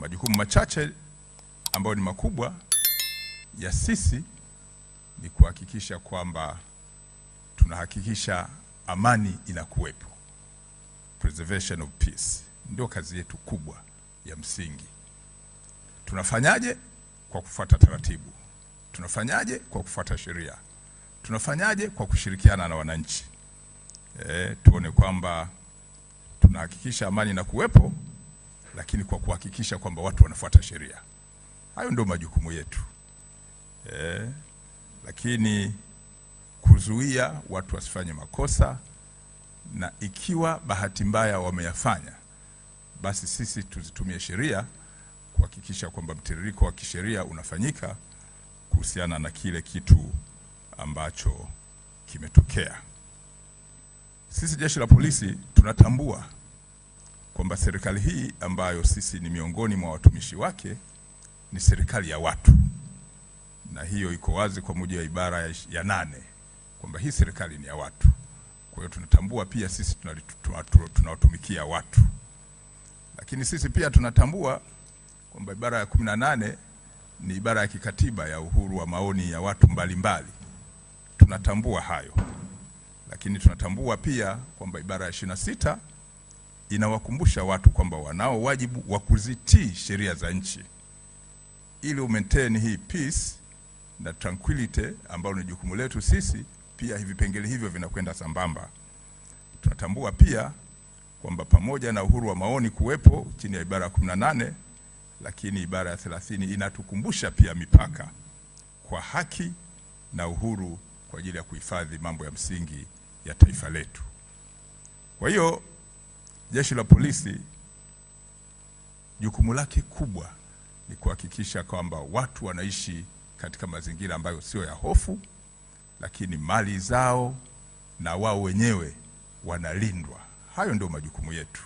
majukumu machache ambayo ni makubwa ya sisi ni kuhakikisha kwamba tunahakikisha amani inakuwepo, preservation of peace, ndio kazi yetu kubwa ya msingi. Tunafanyaje? Kwa kufuata taratibu. Tunafanyaje? Kwa kufuata sheria. Tunafanyaje? Kwa kushirikiana na wananchi. E, tuone kwamba tunahakikisha amani inakuwepo lakini kwa kuhakikisha kwamba watu wanafuata sheria. Hayo ndio majukumu yetu eh, lakini kuzuia watu wasifanye makosa, na ikiwa bahati mbaya wameyafanya, basi sisi tuzitumie sheria kuhakikisha kwamba mtiririko wa kisheria unafanyika kuhusiana na kile kitu ambacho kimetokea. Sisi jeshi la polisi tunatambua kwamba serikali hii ambayo sisi ni miongoni mwa watumishi wake ni serikali ya watu, na hiyo iko wazi kwa mujibu wa ibara ya nane kwamba hii serikali ni ya watu. Kwa hiyo tunatambua pia sisi tunawatumikia watu, lakini sisi pia tunatambua kwamba ibara ya kumi na nane ni ibara ya kikatiba ya uhuru wa maoni ya watu mbalimbali mbali. Tunatambua hayo, lakini tunatambua pia kwamba ibara ya ishirini na sita inawakumbusha watu kwamba wanao wajibu wa kuzitii sheria za nchi ili umaintain hii peace na tranquility ambayo ni jukumu letu sisi. Pia vipengele hivyo vinakwenda sambamba. Tunatambua pia kwamba pamoja na uhuru wa maoni kuwepo chini ya ibara ya 18 lakini ibara ya 30 inatukumbusha pia mipaka kwa haki na uhuru kwa ajili ya kuhifadhi mambo ya msingi ya taifa letu. Kwa hiyo Jeshi la polisi jukumu lake kubwa ni kuhakikisha kwamba watu wanaishi katika mazingira ambayo sio ya hofu, lakini mali zao na wao wenyewe wanalindwa. Hayo ndio majukumu yetu.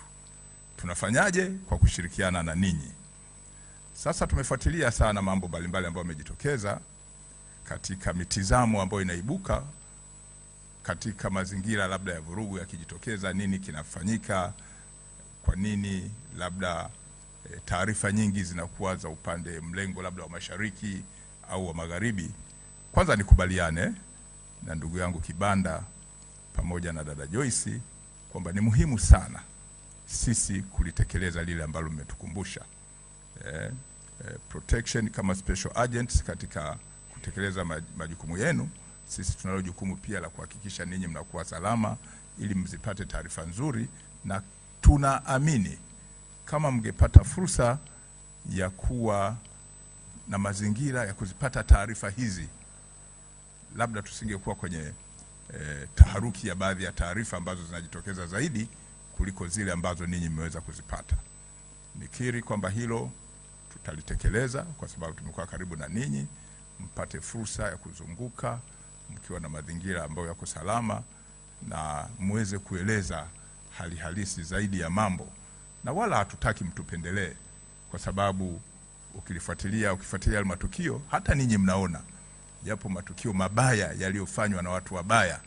Tunafanyaje? Kwa kushirikiana na ninyi. Sasa tumefuatilia sana mambo mbalimbali ambayo yamejitokeza katika mitizamo ambayo inaibuka katika mazingira labda ya vurugu yakijitokeza, nini kinafanyika? kwa nini labda e, taarifa nyingi zinakuwa za upande mlengo labda wa mashariki au wa magharibi. Kwanza nikubaliane na ndugu yangu Kibanda pamoja na dada Joyce kwamba ni muhimu sana sisi kulitekeleza lile ambalo mmetukumbusha e, e, protection kama special agents katika kutekeleza majukumu yenu. Sisi tunalo jukumu pia la kuhakikisha ninyi mnakuwa salama, ili mzipate taarifa nzuri na tunaamini kama mngepata fursa ya kuwa na mazingira ya kuzipata taarifa hizi, labda tusingekuwa kwenye e, taharuki ya baadhi ya taarifa ambazo zinajitokeza zaidi kuliko zile ambazo ninyi mmeweza kuzipata. Nikiri kwamba hilo tutalitekeleza kwa sababu tumekuwa karibu na ninyi, mpate fursa ya kuzunguka mkiwa na mazingira ambayo yako salama na muweze kueleza hali halisi zaidi ya mambo, na wala hatutaki mtupendelee, kwa sababu ukilifuatilia ukifuatilia matukio, hata ninyi mnaona yapo matukio mabaya yaliyofanywa na watu wabaya,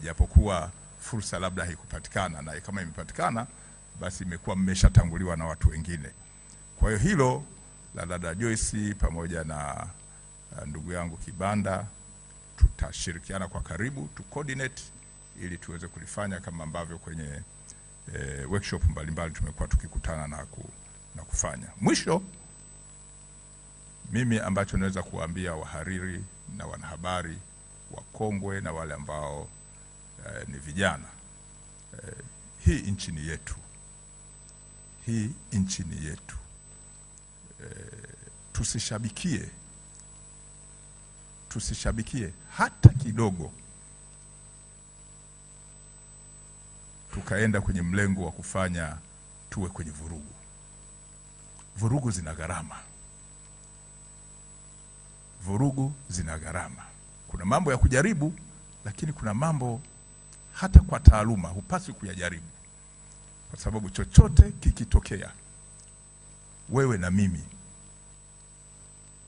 ijapokuwa fursa labda haikupatikana, na kama imepatikana basi imekuwa mmeshatanguliwa na watu wengine. Kwa hiyo hilo la dada Joyce pamoja na uh, ndugu yangu Kibanda tutashirikiana kwa karibu tu coordinate ili tuweze kulifanya kama ambavyo kwenye e, workshop mbalimbali tumekuwa tukikutana na, ku, na kufanya. Mwisho mimi ambacho naweza kuwaambia wahariri na wanahabari wakongwe na wale ambao e, ni vijana e, hii nchi ni yetu, hii nchi ni yetu e, tusishabikie tusishabikie hata kidogo tukaenda kwenye mlengo wa kufanya tuwe kwenye vurugu. Vurugu zina gharama, vurugu zina gharama. Kuna mambo ya kujaribu, lakini kuna mambo hata kwa taaluma hupaswi kuyajaribu, kwa sababu chochote kikitokea, wewe na mimi,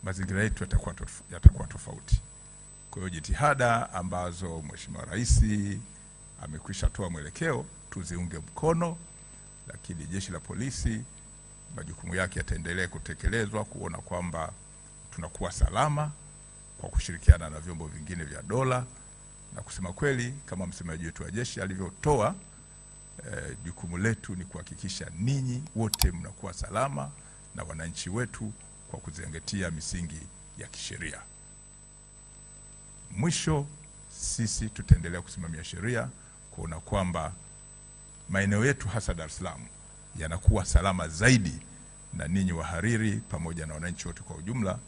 mazingira yetu yatakuwa tofauti. Kwa hiyo jitihada ambazo Mheshimiwa Rais amekwisha toa mwelekeo, tuziunge mkono, lakini jeshi la polisi majukumu yake yataendelea kutekelezwa kuona kwamba tunakuwa salama kwa kushirikiana na vyombo vingine vya dola, na kusema kweli, kama msemaji wetu wa jeshi alivyotoa, eh, jukumu letu ni kuhakikisha ninyi wote mnakuwa salama na wananchi wetu kwa kuzingatia misingi ya kisheria. Mwisho, sisi tutaendelea kusimamia sheria kuona kwamba maeneo yetu hasa Dar es Salaam yanakuwa salama zaidi, na ninyi wahariri pamoja na wananchi wote kwa ujumla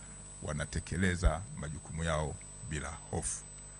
wanatekeleza majukumu yao bila hofu.